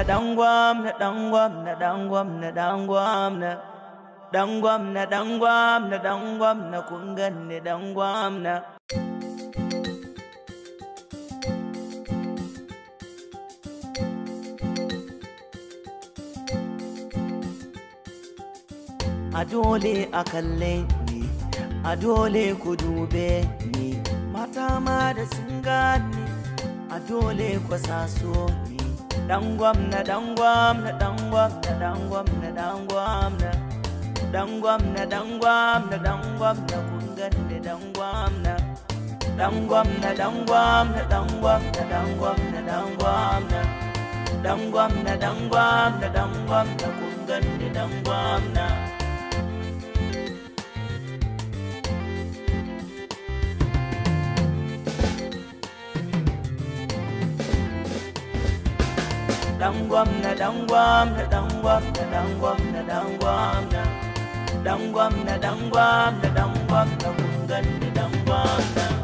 na dangwam na dangwam na dangwam na dangwam na dangwam na dangwam na dangwam na kungan ne dangwam na a dole a kalle ni a dole ku dube ni mata ma da sun gane a dole ku saso ni na na na na na na dangwamna na dangwamna dangwamna dangwamna dangwamna dangwamna dangwamna kunganne dangwamna dangwamna dangwamna dangwamna na dangwamna dangwamna dangwamna dangwamna kunganne na dangwam na dangwam na dangwam na dangwam na dangwam na dangwam na dangwam na dangwam na gungan na dangwam na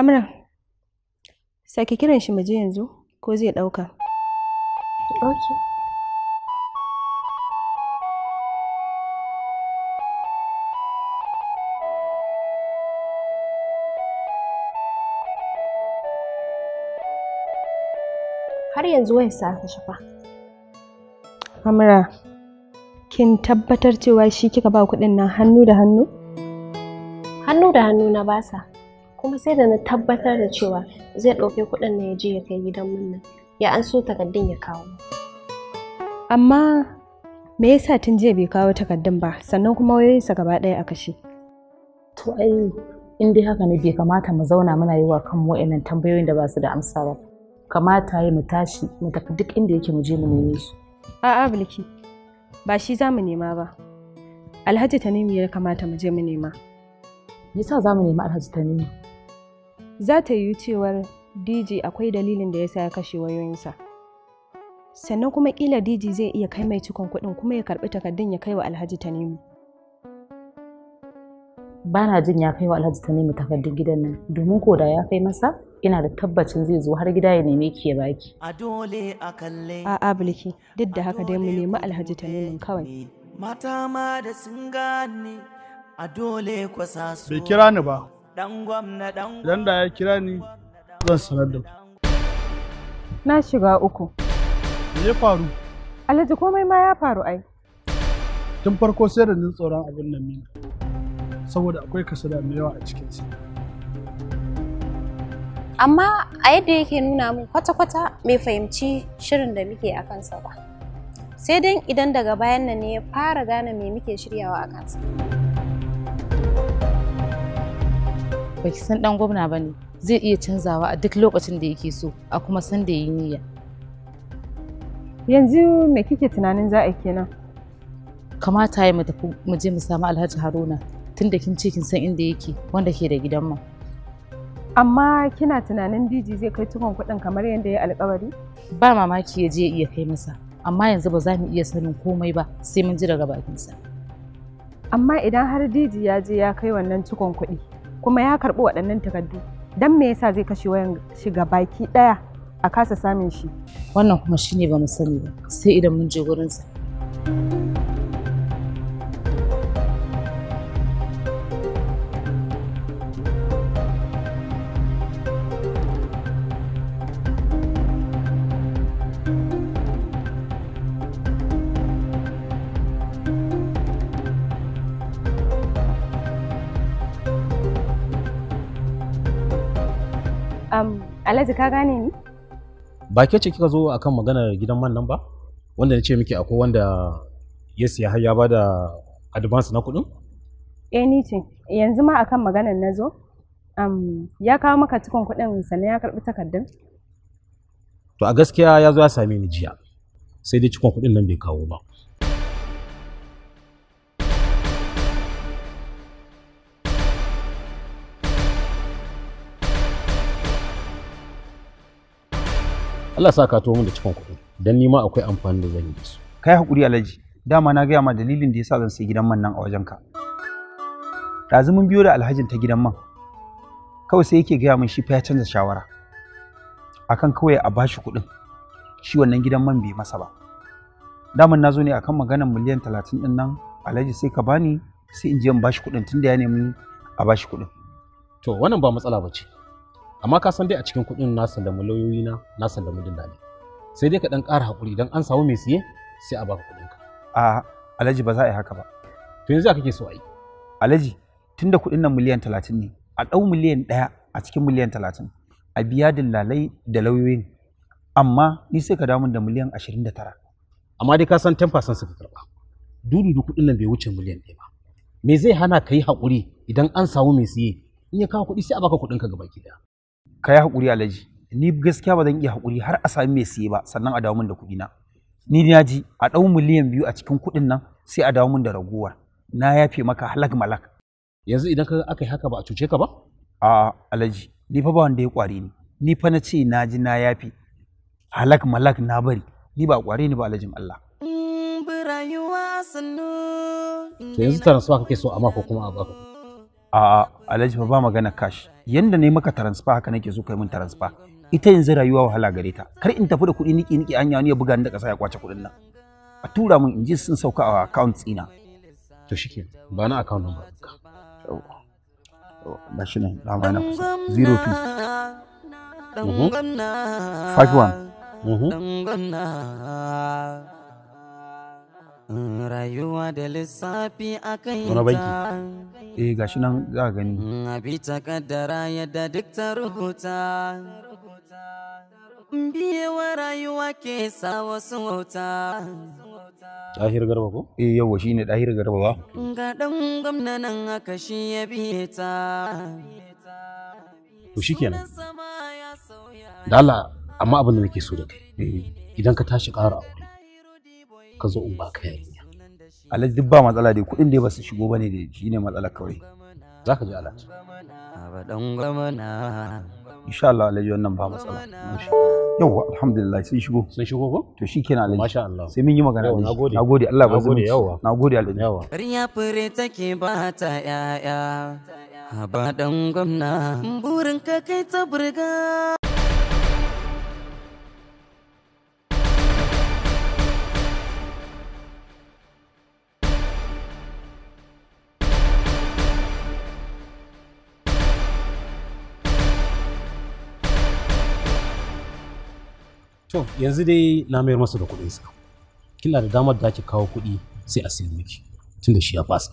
Amra, sake kiran shi mu je yanzu ko zai ɗauka. Ok. har yanzu wai sa aka shafa. Amra, kin tabbatar cewa shi kika ba kuɗin nan hannu da hannu? Hannu da hannu na basa. kuma sai da na tabbatar da cewa zai ɗauke kuɗin na ya je ya kai gidan nan ya an so takardun ya kawo amma me yasa tun jiya bai kawo takardun ba sannan kuma wayoyinsa gaba ɗaya a kashe to ai in dai haka ne bai kamata mu zauna muna yi wa kan wa'annan tambayoyin da ba su da amsa ba kamata ya mu tashi mu tafi duk inda yake mu je mu neme su a'a bilki ba shi za mu nema ba alhaji tanimu ya kamata mu je mu nema yasa za mu nema alhaji tanimu za ta yi cewar dj akwai dalilin da ya sa ya kashe wayoyinsa sannan kuma kila dj zai iya kai mai cikon kuɗin kuma ya karɓi takardun ya kai wa alhaji tanimu ba na jin ya kai wa alhaji tanimu takardun gidan nan domin ko da ya kai masa ina da tabbacin zai zo har gida ya nemi ki ya baki a dole a kalle a abulki duk da haka dai mu nemi alhaji tanimu kawai mata ma da sun gane a dole kwasa su bai kira ni ba Idan da ya kira ni zan sanar da ku. Na shiga uku. Me ya faru? Alhaji komai ma ya faru ai. Tun farko sai da jin tsoron abin nan mina. Saboda akwai kasada mai yawa a cikinsa. Amma a yadda yake nuna min kwata-kwata mai fahimci shirin da muke a kansa ba. Sai dai idan daga bayan nan ne ya fara gane me muke shiryawa a kansa. baki san dan gwamna ba ne zai iya canzawa a duk lokacin da yake so a kuma san da yi niyya yanzu me kike tunanin za a kenan kamata ya tafi mu je mu samu alhaji haruna tunda kin ce kin san inda yake wanda ke da gidan mu amma kina tunanin diji zai kai tukun kuɗin kamar yadda ya alkawari ba mamaki ya je iya kai masa amma yanzu ba za mu iya sanin komai ba sai mun ji daga bakinsa amma idan har diji ya je ya kai wannan cikon kuɗi kuma ya karɓi waɗannan takardu don me yasa zai kashe wayan shiga baki ɗaya a kasa samun shi wannan kuma shine ba mu sani ba sai idan mun je gurinsa. Alhaji ka gane ni? Ba ke ce kika zo akan maganar gidan man nan ba? Wanda na ce miki akwai wanda ya siya har ya bada advance na kuɗin? Eh ni ce. Yanzu ma akan maganar na zo. ya kawo maka cikon kuɗin sannan ya karɓi takardun. To a gaskiya ya zo ya same ni jiya. Sai dai cikon kuɗin nan bai kawo ba. Allah sa ka to mun da cikin kuɗi dan ni ma akwai amfani da zan yi su kai hakuri Alhaji dama na gaya ma dalilin da yasa zan sai gidan man nan a wajenka ɗazu mun biyo da alhajin ta gidan man kawai sai yake gaya mun shi fa ya canza shawara akan kawai a bashi kuɗin shi wannan gidan man bai masa ba daman na zo ne akan maganar miliyan talatin ɗin nan alhaji sai ka bani sai in je in bashi kuɗin tunda ya nemi a bashi kuɗin to wannan ba matsala ba ce amma ka san dai a cikin kuɗin na mu lauyoyi na na sallama sai dai ka dan ƙara hakuri idan an samu mai siye sai a baka kuɗinka a alhaji ba za a yi haka ba to yanzu kake so a yi alhaji tunda kuɗin nan miliyan talatin ne a ɗau miliyan ɗaya a cikin miliyan talatin a biya dillalai da lauyoyin amma ni sai ka damun da miliyan ashirin da tara amma dai ka san 10% suka karɓa dudu da kuɗin nan bai wuce miliyan ɗaya ba me zai hana ka yi haƙuri idan an samu mai siye in ya kawo kuɗi sai a baka ka gaba ki ka yi haƙuri alaji ni gaskiya ba zan iya haƙuri har a sami mai siye ba sannan a dawo min da kuɗi na ni na ji a ɗau miliyan biyu a cikin kuɗin nan sai a dawo min da raguwar na yafe maka halak malak yanzu idan ka aka yi haka ba a cuce ka ba a alaji ni fa ba wanda ya ƙware ni ni fa na ce na ji na yafe halak malak na bari ni ba ƙware ni ba alajin Allah to yanzu tana so kake so a mako kuma a baka a alhaji ba magana cash yanda ne maka transfer haka nake so kai mun transfer ita yanzu rayuwa wahala gare ta kar in tafi da kuɗi niki niki anya wani ya buga ni da ƙasa ya kwace kuɗin nan a tura mun in ji sun sauka a account tsina to shike ba na account number ka ba shi ne na ba na kusa two mhm. five one mhm. rayuwa da lissafi a kan banki? eh gashi nan za gani mm, bi ta kaddara yadda duk ta rubuta mm, biyewa rayuwa ke sa wasu wauta Dahir Garba ko? Eh yawa shi ne Dahir Garba ba. Ga ɗan gwamna nan aka shi ya biye ta. To shi kenan. Dala amma abin da nake so da kai. Eh, idan ka tashi ƙara aure. ka zo in baka yarinya alhaji duk ba matsala dai kuɗin dai ba su shigo bane da shi ne matsala kawai za ka ji alhaji insha Allah alhaji wannan ba matsala yawwa alhamdulillah sun shigo sun shigo ko to kenan alhaji masha Allah sai mun yi magana da shi nagode Allah ba zumunci nagode alhaji yawa riya fure take ba ta yaya Ba ɗan gwamna, burin ka kai ta burga. to yanzu dai na mayar masa da kuɗin sa kina da damar da ki kawo kuɗi sai a sayar miki tunda shi ya fasa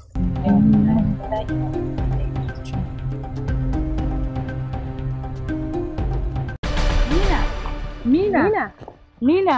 Mina Mina Mina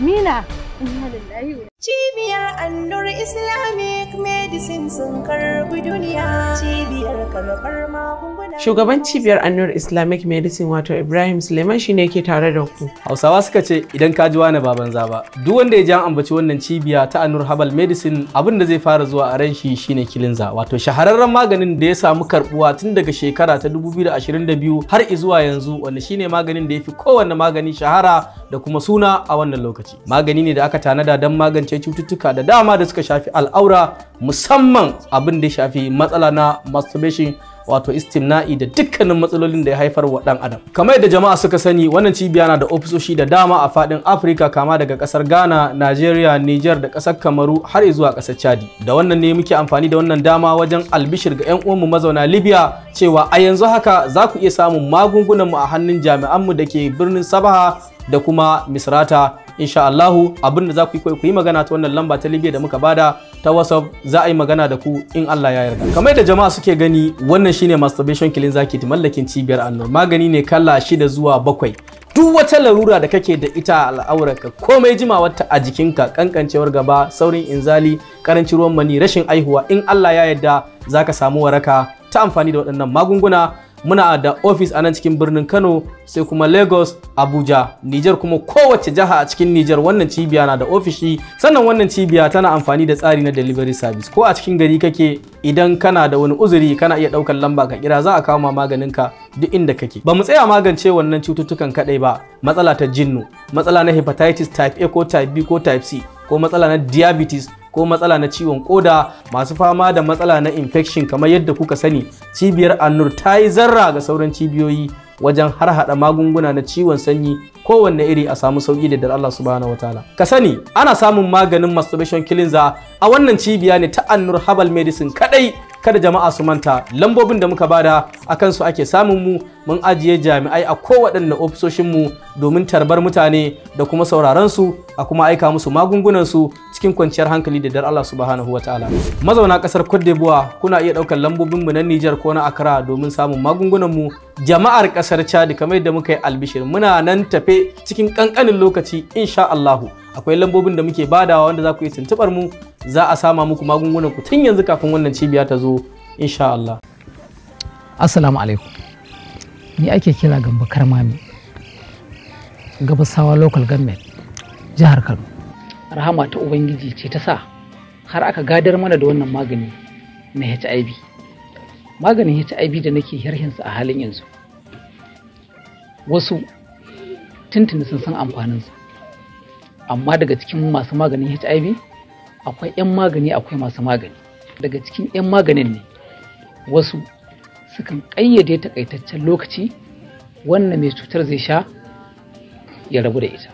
Mina Mina Cibiyar Annur Islamic Medicine sun karbi duniya cibiyar karɓar magunguna. Shugaban cibiyar Andor Islamic Medicine wato Ibrahim Suleiman shine ke tare da ku. Hausawa suka ce idan ka ji wani baban zaba. Duk wanda ya ji an ambaci wannan cibiya ta Annur Herbal Medicine abin da zai fara zuwa a ran shi shine kilinza wato shahararren maganin da ya samu karbuwa tun daga shekara ta 2022 har zuwa yanzu wanda shine maganin da yafi fi kowanne magani shahara da kuma suna a wannan lokaci. Magani ne da aka tanada don magani magance cututtuka da dama da suka shafi al'aura musamman abin da ya shafi matsala na masturbation wato istimna'i da dukkanin matsalolin da ya haifar wa dan adam kamar yadda jama'a suka sani wannan cibiya na da ofisoshi da dama a fadin afirka kama daga kasar ghana nigeria niger da kasar kamaru har zuwa kasar chadi da wannan ne muke amfani da wannan dama wajen albishir ga yan uwanmu mazauna libya cewa a yanzu haka za ku iya samun magungunanmu a hannun jami'anmu da ke birnin sabaha da kuma misrata insha Allahu abin da za ku yi ku yi magana ta wannan lamba ta Libya da muka bada ta WhatsApp za a yi magana da ku in Allah ya yarda kamar da jama'a suke gani wannan shine masturbation zaki, ta mallakin cibiyar annor magani ne kala shida zuwa bakwai duk wata larura da kake da ita a al'aurarka komai ta a jikinka kankancewar gaba saurin inzali karancin ruwan mani rashin aihuwa in Allah ya yarda zaka samu waraka ta amfani da waɗannan magunguna muna da ofis a nan cikin birnin kano sai kuma lagos abuja niger kuma kowace jiha a cikin niger wannan cibiya na da ofishi sannan wannan cibiya tana amfani da tsari na delivery service ko a cikin gari kake idan kana da wani uzuri kana iya ɗaukar lamba ka kira za a kawo ma maganinka duk inda kake ba mu tsaya magance wannan cututtukan kadai ba matsala ta jinnu matsala na hepatitis type a ko type b ko type c ko matsala na diabetes ko matsala na ciwon koda masu fama da matsala na infection kamar yadda kuka sani cibiyar annur ta yi zarra ga sauran cibiyoyi wajen har hada magunguna na ciwon sanyi kowanne iri a samu sauki da dar Allah subhanahu wataala ka sani ana samun maganin masturbation cleanser a wannan cibiya ne ta annur herbal medicine kadai kada jama'a su manta lambobin da muka bada a kansu ake samun mu mun ajiye jami'ai a kowaɗanne ofisoshinmu domin tarbar mutane da kuma sauraron su a kuma aika musu magungunan su cikin kwanciyar hankali da dar Allah subhanahu wa ta'ala mazauna kasar Cote d'Ivoire kuna iya ɗaukar lambobin mu na Niger ko na Accra domin samun magungunan mu jama'ar kasar Chad kamar yadda muka yi albishir muna nan tafe cikin kankanin lokaci insha Allahu akwai lambobin da muke badawa wanda za ku yi tuntubar mu za a sama muku magungunan ku tun yanzu kafin wannan cibiya ta zo insha Allah assalamu alaikum ni ake kira Gambo karmami gabasawa local government jihar kano rahama ta ubangiji ce ta sa har aka gadar mana da wannan magani na hiv maganin hiv da nake yarhinsa a halin yanzu wasu tuntuni sun san amfaninsa amma daga cikin masu maganin hiv akwai 'yan magani akwai masu magani daga cikin 'yan maganin ne wasu sukan ƙayyade takaitaccen lokaci wannan mai cutar zai sha ya rabu da ita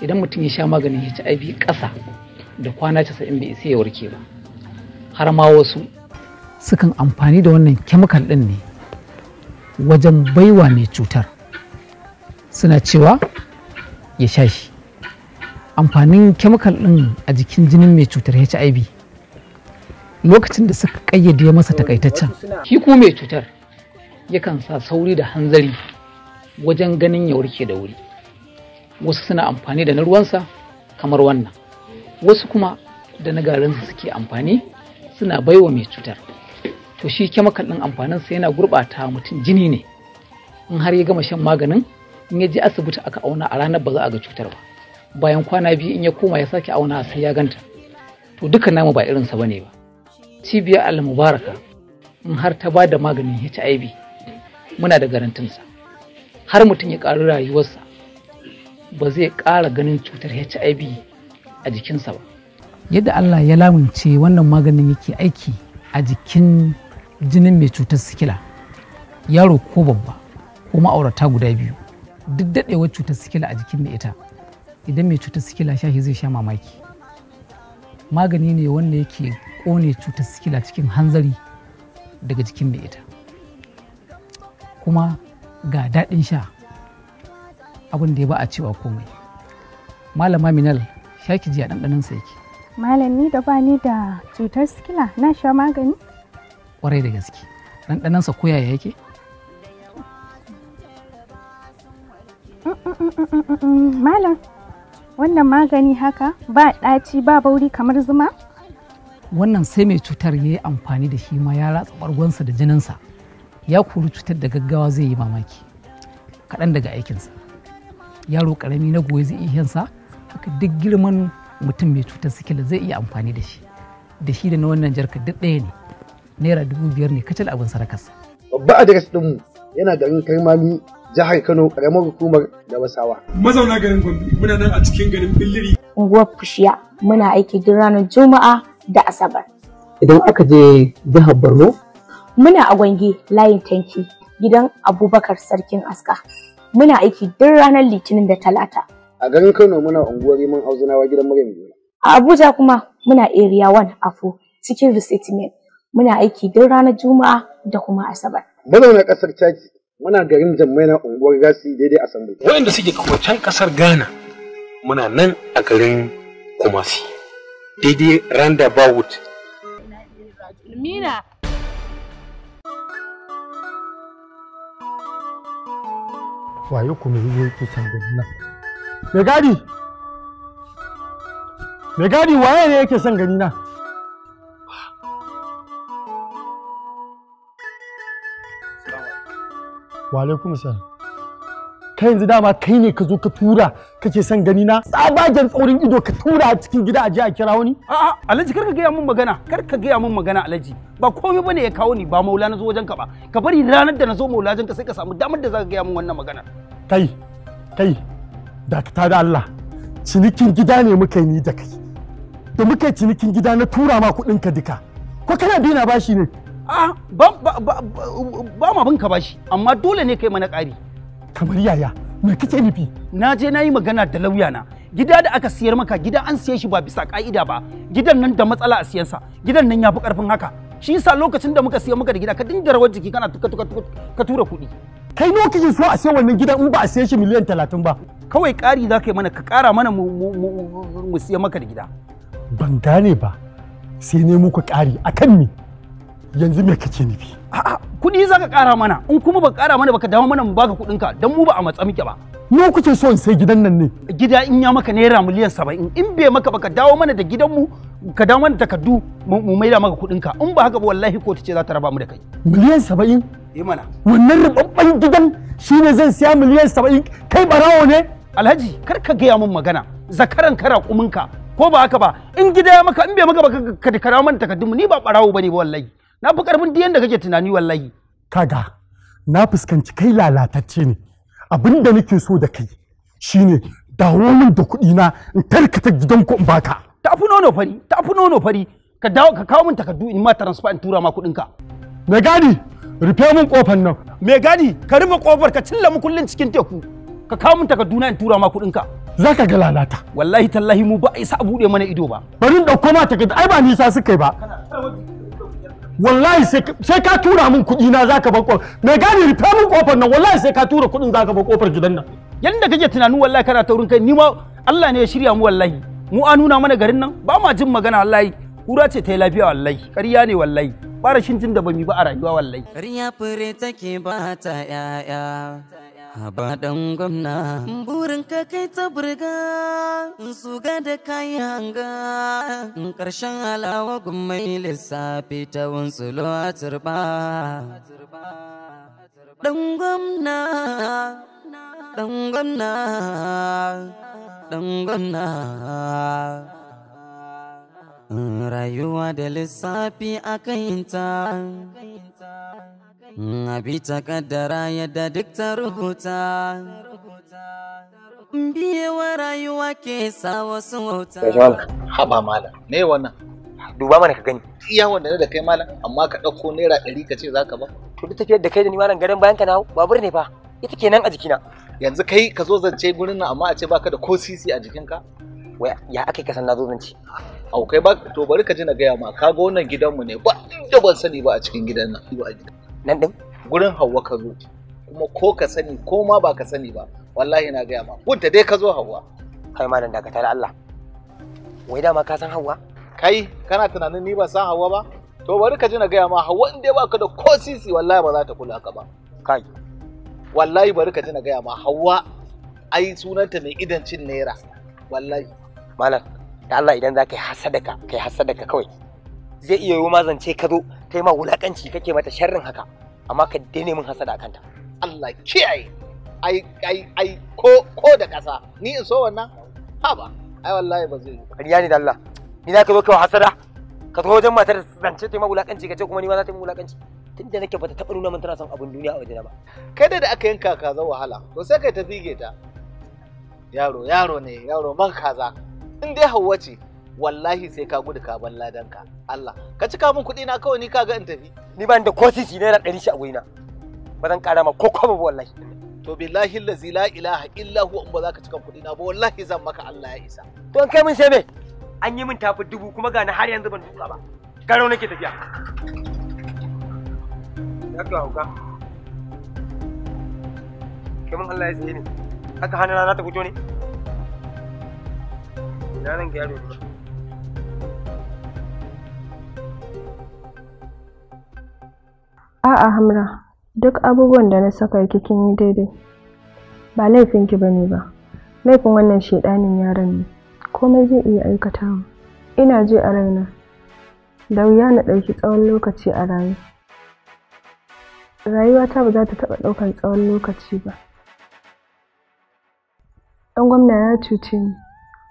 idan mutum ya sha maganin hiv ƙasa da kwana 90 bai isa ya warke ba har ma wasu sukan amfani da wannan kemikal ɗin ne wajen baiwa mai cutar suna cewa ya sha shi amfanin chemical ɗin a jikin jinin mai cutar hiv lokacin da suka ƙayyade masa takaitaccen shi ku mai cutar yakan sa sauri da hanzari wajen ganin ya warke da wuri wasu suna amfani da na ruwansa kamar wannan wasu kuma da na garinsa suke amfani suna baiwa mai cutar to shi kyamakal ɗin amfaninsa yana gurɓata mutum jini ne in har ya gama shan maganin in ya je asibiti aka auna a ranar ba za a ga cutar ba bayan kwana biyu in ya koma ya sake auna sai ya ganta to duka namu ba irinsa ba ne ba cibiyar al-mubaraka in har ta ba da maganin hiv muna da garantinsa har mutum ya ƙari rayuwarsa ba zai ƙara ganin cutar hiv a jikinsa ba yadda allah ya lamunce wannan maganin yake aiki a jikin jinin mai cutar sikila yaro ko babba ko ma'aurata guda biyu duk daɗewar cutar sikila a jikin mai ita idan mai cutar sikila sha shi zai sha mamaki magani ne wanda yake kone cutar sikila cikin hanzari daga jikin mai ita kuma ga daɗin sha abin da ya ba a cewa komai malama minal sha ki ji a ɗanɗanon sa yake malami da ba da cutar sikila na sha magani ƙwarai da gaske ɗanɗanon sa koyaya yake mm, mm, mm, malam wannan magani haka ba ɗaci ba bauri kamar zuma wannan sai mai cutar ya yi amfani da shi ma ya ratsa bargonsa da jininsa ya kori cutar da gaggawa zai yi mamaki kaɗan daga aikinsa yaro ƙarami na goye zai iya yansa haka duk girman mutum mai cutar sikila zai iya amfani da shi da shi da na wannan jarka duk ɗaya ne naira dubu biyar ne kacal abin sarakas babba a jakas yana garin karmami jihar Kano karamar hukumar Gabasawa. Mazauna garin Gombe muna nan a cikin garin Billiri. Unguwar Fushiya muna aiki duk ranar Juma'a da Asabar. Idan aka je jihar Borno? Muna a Gwangi layin tanki gidan Abubakar Sarkin Aska. Muna aiki duk ranar Litinin da Talata. A garin Kano muna unguwar Riman Auzunawa gidan Biyu. A Abuja kuma muna Area 1 Afo cikin Resettlement. Muna aiki duk ranar Juma'a da kuma Asabar. Mazauna ƙasar Chaki muna garin na unguwar gasi daidai assembly wanda suke can kasar ghana muna nan a garin kumasi daidai Randa mina waye kuma yi yake nan me gadi me gadi waye ne yake son gani na wa alaikum salam kai yanzu dama kai ne ka zo ka tura kake son gani na tsabagen tsaurin ido ka tura a cikin gida a je a kira wani a'a alhaji kar ka gaya min magana kar ka gaya min magana alhaji ba komai bane ya kawo ni ba maula na zo wajen ka ba ka bari ranar da na zo maula ka sai ka samu damar da za ka gaya min wannan magana kai kai ka da Allah cinikin gida ne muka yi ni da kai da muka yi cinikin gida na tura ma kuɗin ka duka ko kana dina bashi ne Ah, ba ma bin amma dole ne kai mana ƙari. Kamar yaya, me kace nufi? Na je na yi magana da lauya na. Gida da aka siyar maka, gida an siye shi ba bisa ka'ida ba. Gidan nan da matsala a siyansa, gidan nan ya fi ƙarfin haka. Shi yasa lokacin da muka siya maka da gida ka dinga rawar jiki kana tuka tuka ka tura kuɗi. Kai nawa kake so a siya wannan gidan in ba a siye shi miliyan talatin ba? Kawai ƙari za ka yi mana ka ƙara mana mu siya maka da gida. Ban gane ba, sai ne muku ƙari akan me? yanzu me kake nufi a'a kuɗi zaka ƙara mana in kuma ba ƙara mana baka dawo mana mu baka kuɗin ka dan mu ba a matsa muke ba me kuke so in sai gidan nan ne gida in ya maka naira miliyan 70 in bai maka baka dawo mana da gidan mu ka dawo mana takardu mu maida maka kuɗin ka in ba haka ba wallahi kotu ce za ta raba mu da kai miliyan 70 eh mana wannan rubabban gidan shine zan siya miliyan 70 kai barawo ne alhaji kar ka gaya min magana zakaran kara kuminka ko ba haka ba in gida ya maka in bai maka ba ka karaman mu ni ba barawo bane ba wallahi na fi karfin diyan da kake tunani wallahi kaga na fuskanci kai lalatacce ne abin da nake so da kai shine dawo min da kuɗi na in tarkata gidan ku in baka ta fi nono fari ta fi nono fari ka dawo ka kawo min takardu in ma transfer in tura ma kuɗin ka me gadi rufe min kofar nan me gadi ka rufe kofar ka cilla mu kullun cikin teku ka kawo min takardu na in tura ma kuɗin ka za ka ga lalata wallahi tallahi mu ba a isa a buɗe mana ido ba bari in ɗauko ma takardu ai ba nisa suka yi ba wallahi sai ka tura min kuɗi na zaka bar kofar mai gani rufe min kofar nan wallahi sai ka tura kuɗin zaka bar kofar gidan nan yanda kake tunanin wallahi kana taurin kai ni ma Allah ne ya shirya mu wallahi mu a nuna mana garin nan ba ma jin magana wallahi kura ce ta yi lafiya wallahi ƙarya ne wallahi fara rashin jin da ba mi ba a rayuwa wallahi ƙarya fure take ba ta yaya Abadan gwamna. Burin ka kai ta burga, su ga da kayan hanga. Ƙarshen alawa gummai lissafi ta wunsu a turba. Ɗan gwamna, ɗan gwamna, ɗan gwamna. Rayuwa da lissafi a kayinta. Bisa kaddara yadda duk ta rubuta. Biyewa rayuwa ke sa wasu wauta. haɓa mala, ne wannan? Duba mana ka gani. Iya wanda da kai mala, amma ka ɗauko naira ɗari ka ce za ka ba. To duk tafiyar da kai da ni malam garin bayan ka na babur ne fa. Ita ke nan a jikina. Yanzu kai ka zo zance gurin nan amma a ce baka da ko sisi a jikinka? ya aka kasan na zo zance. Au kai ba to bari ka ji na gaya ma ka ga wannan gidanmu ne ba inda ban sani ba a cikin gidan nan. nan din gurin hawa ka zo kuma ko ka sani ko ma ba ka sani ba wallahi na gaya ma wadda dai ka zo hawa kai malam daga tare Allah wai dama ka san hawa kai kana tunanin ni ba san hawa ba to bari ka ji na gaya ma hawa in dai ka da ko sisi wallahi ba za ta kula ka ba kai wallahi bari ka ji na gaya ma hawa ai sunanta mai idan cin naira wallahi malam da Allah idan za ka yi hasadaka kai hasadaka kawai zai iya yiwu ma zance ka zo ta yi ma wulakanci kake mata sharrin haka amma ka daina min hasada kanta Allah kiyaye ai ai ai ko ko da kasa ni in so wannan ha ba ai wallahi ba zai ƙarya ne da Allah ni za ka zo kawai hasada ka zo wajen matar zance ta yi ma wulakanci kace kuma ni ma za ta yi wulakanci Tunda da nake bata taɓa nuna min tana son abin duniya a wajena ba kai da aka yanka kaza wahala to sai kai ta fige ta yaro yaro ne yaro man kaza in dai hauwa ce wallahi sai ka gudu ka bar ladanka Allah ka cika min kuɗi na kawai ni ka ga in tafi ni ban da kosisi naira ɗari shi a wurina ba zan ƙara ma ko ba wallahi to billahi lazi la ilaha illa huwa in ba za ka cika kuɗi na ba wallahi zan maka Allah ya isa to an kai min sai me an yi min tafi dubu kuma ga na har yanzu ban duka ba garo nake tafiya ya ka hauka kaman Allah ya tsaye ne haka hana na ta fito ne ina nan ga ne A'a Hamra, duk abubuwan da na saka ki kin yi daidai. Ba laifinki ba ne ba, laifin wannan shedanin yaron ne, komai zai iya aikatawa. Ina ji a raina, da wuya na ɗauki tsawon lokaci a raye. Rayuwata ba za ta taɓa ɗaukar tsawon lokaci ba. Dan gwamna ya cuce ni,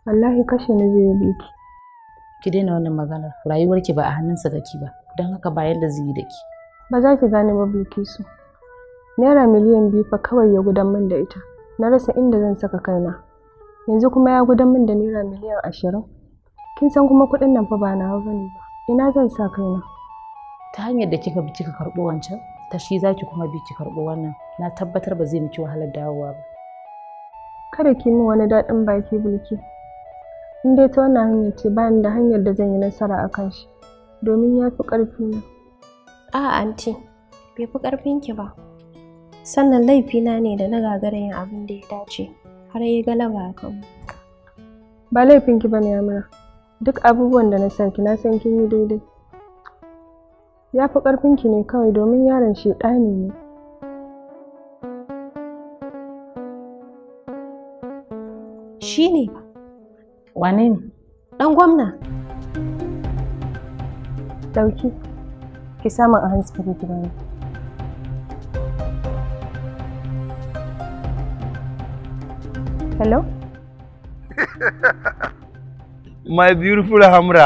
wallahi kashe na zai bi ki. Ki daina wannan maganar, rayuwarki ba a hannunsa da ki ba, don haka ba yadda zai yi da ki. ba za ki gane ba bilkisu naira miliyan biyu fa kawai ya gudan min da ita na rasa inda zan saka kaina yanzu kuma ya gudan min da naira miliyan ashirin kin san kuma kuɗin nan fa ba nawa bane ba ina zan sa kaina ta hanyar da kika bi kika karɓo wancan ta shi za ki kuma bi ki karɓo wannan na tabbatar ba zai miki wahalar dawowa ba kada ki min wani daɗin baki bilki in dai ta wannan hanyar ce ba ni da hanyar da zan yi nasara a kan shi domin ya fi ƙarfi na A'a anti, bai fi ƙarfinki ba. Sannan laifina ne da na gagara yin abin da ya dace, har yi galaba a kanmu. Ba laifinki ba ne Amina, duk abubuwan da na san ki na san kin yi daidai. Ya fi ƙarfinki ne kawai domin yaron shi ɗani ne. Shi ne Wane ne? Ɗan gwamna. Ɗauki. ki samun a hanspiri gidan hello my beautiful hamra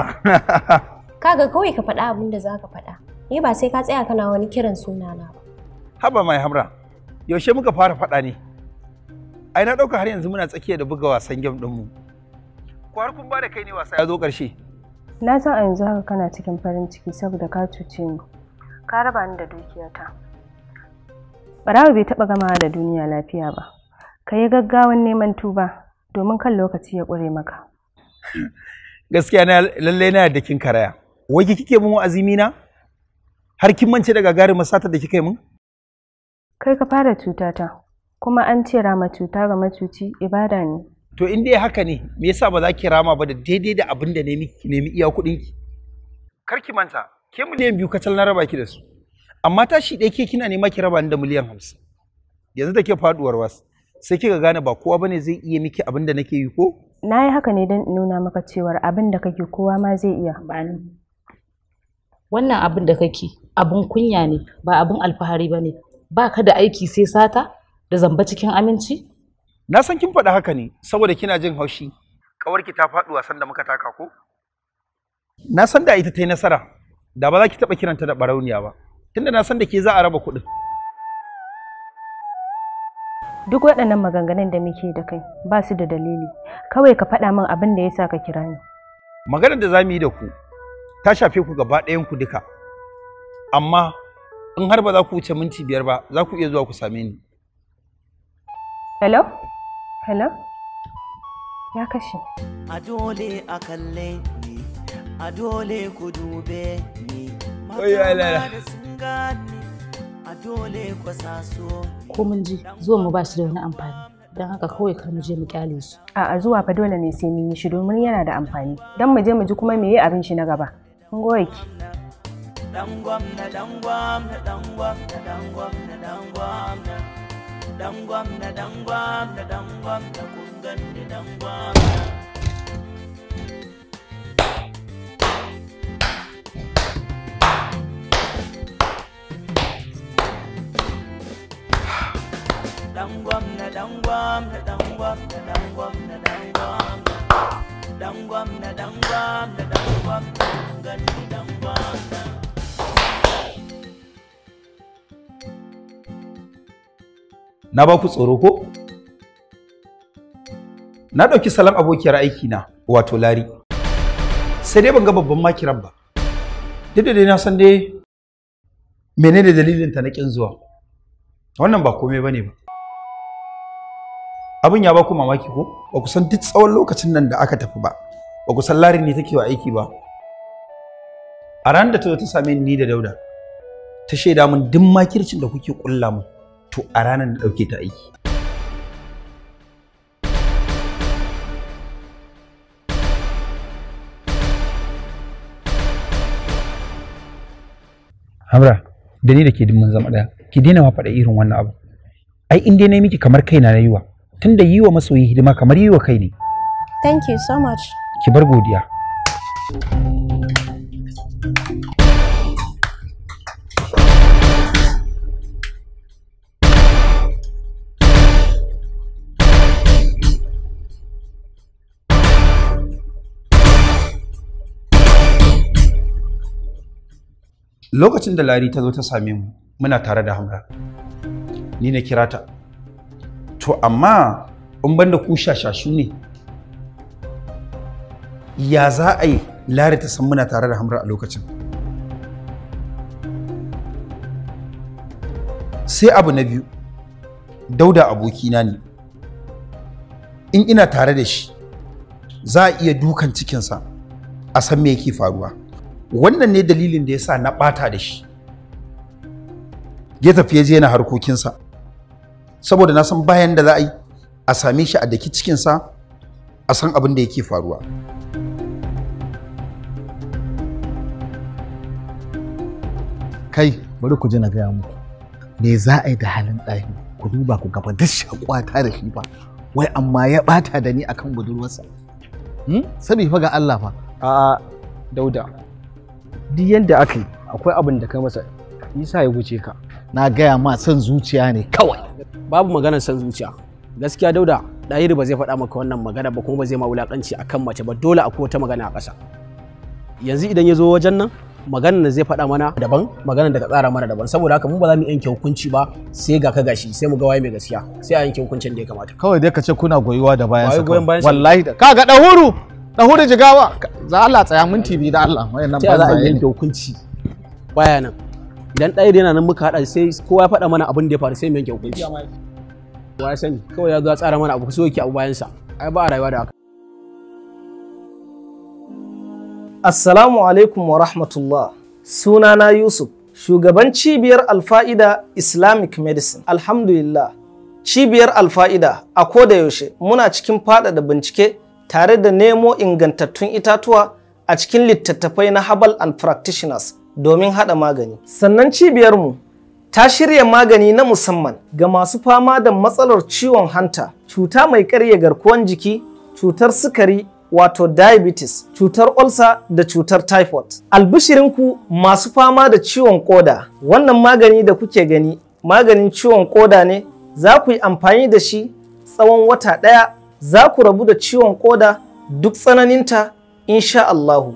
kaga kawai ka faɗa abin za ka faɗa ni ba sai ka tsaya kana wani kiran suna na ba haba mai hamra yaushe muka fara faɗa ne ai na ɗauka har yanzu muna tsakiya da buga wasan game ɗinmu ko har kun ba da kai ne wasa ya zo ƙarshe na san a yanzu haka kana cikin farin ciki saboda ka cuce ni ka raba ni da dukiyata barawa bai taba gamawa da duniya lafiya ba ka yi gaggawan neman tuba domin kan lokaci ya ƙure maka gaskiya na lalle na da kin karaya wai kike min azumi na har kin mance da gagarin masata da kika yi mun? kai ka fara cutata kuma an ce rama cuta ga macuci ibada ne to in dai haka ne me yasa ba za ki rama ba da daidai da abin da nemi ki nemi iya kuɗin ki kar ki manta ke miliyan biyu kacal na raba ki da su amma tashi ɗaya ke kina nema ki raba ni da miliyan hamsin yanzu da ke faduwar was sai kika gane ba kowa bane zai iya miki abin da nake yi ko na yi haka ne don nuna maka cewar abin da kake kowa ma zai iya ba ni wannan abin da kake abin kunya ne ba abin alfahari ba ne ba ka da aiki sai sata da zamba cikin aminci Na san kin faɗi haka ne saboda kina jin haushi. Kawarki ta faɗi wasan da muka taka ko? Na san da ita ta yi nasara, da ba za ki taɓa kiranta da barauniya ba, tunda na san da ke za a raba kuɗin. Duk waɗannan maganganun da muke da kai ba su da dalili, kawai ka faɗa min abin da ya sa ka kira ni. Maganar da za mu yi da ku ta shafe ku gaba ɗayan ku duka, amma in har ba za ku wuce minti biyar ba za ku iya zuwa ku same ni. hello hello ya kashe a dole a kalle ni a dole ku dube ni a dole ku saso ko mun ji zuwa mu ba shi da wani amfani don haka kawai kar mu je mu kyale su. a'a zuwa fa dole ne sai mun yi shi domin yana da amfani don mu je mu ji kuma me abin shi na gaba mun goye ki dangwam na dangwam na dangwam na dangwam na dangwam na dangwam na dangwam na dangwam na kun ganda dangwam dangwam na dangwam na dangwam na dangwam na dangwam dangwam na dangwam na dangwam na kun ganda dangwam na na ba ku tsoro ko na ɗauki salam abokiyar aiki na wato lari sai dai ban ga babban makiran ba duk da dai na san dai menene dalilin ta na ƙin zuwa wannan ba komai bane ba abin ya ba ku mamaki ko ba ku san duk tsawon lokacin nan da aka tafi ba ba ku san Lari ne take wa aiki ba a ranar da ta zo ta same ni da dauda ta shaida min duk makircin da kuke kulla mun to a ranar da ɗauke ta aiki Hamra, da ni da ke dimman zama ɗaya, ki daina ma faɗa irin wannan abu. Ai in dai na miki kamar kai na yiwa, tun da yi wa masoyi hidima kamar yi wa kai ne. Thank you so much. Ki bar godiya. lokacin da lari ta zo ta same mu muna tare da hamra ni na kira to amma in banda ku shashashu ne ya za a yi lari ta san muna tare da hamra a lokacin sai abu na biyu dauda abokina ne in ina tare da shi za a iya dukan cikinsa a san me yake faruwa wannan ne dalilin da ya sa na ɓata da shi ya tafi ya je yana harkokinsa saboda na san bayan da za a yi a same shi a daki cikinsa a san abin da yake faruwa kai bari ku ji na gaya muku me za a yi da halin ɗahi ku duba ku gaba da ta da shi ba wai amma ya ɓata da ni akan budurwarsa hmm? sabi fa ga Allah fa a dauda duk yadda aka yi akwai abin da ka masa isa ya wuce ka na gaya ma san zuciya ne kawai babu magana son zuciya gaskiya dauda ɗahiru ba zai faɗa maka wannan magana ba kuma ba zai ma wulaƙanci a kan mace ba dole akwai wata magana a ƙasa yanzu idan ya zo wajen nan magana da zai faɗa mana daban magana da ka tsara mana daban saboda haka mu ba za mu yanke hukunci ba sai ga ka gashi sai mu ga waye mai gaskiya sai a yanke hukuncin da ya kamata kawai dai ka ce kuna goyuwa da bayan sa wallahi ka ga dahuru Ɗaho da jigawa za Allah tsaya minti biyu da Allah wayannan ba za a yi hukunci baya nan idan ɗaya yana nan muka haɗa sai kowa ya faɗa mana abin da ya faru sai mu yanke hukunci Kowa ya sani kawai ya zo ya tsara mana abu so yake abu bayan sa ai ba a rayuwa da haka Assalamu alaikum wa rahmatullah na Yusuf shugaban cibiyar Alfa'ida Islamic Medicine alhamdulillah cibiyar Alfa'ida a koda yaushe muna cikin faɗaɗa bincike tare da nemo ingantattun itatuwa a cikin littattafai na herbal and practitioners domin haɗa magani. Sannan cibiyarmu ta shirya magani na musamman ga masu fama da matsalar ciwon hanta, cuta mai karya garkuwan jiki, cutar sukari wato diabetes, cutar ulcer da cutar typhoid. Albishirinku masu fama da ciwon koda, wannan magani da kuke gani maganin ciwon koda ne, za ku yi amfani da shi tsawon wata ɗaya za ku rabu da ciwon koda duk tsananinta insha Allahu.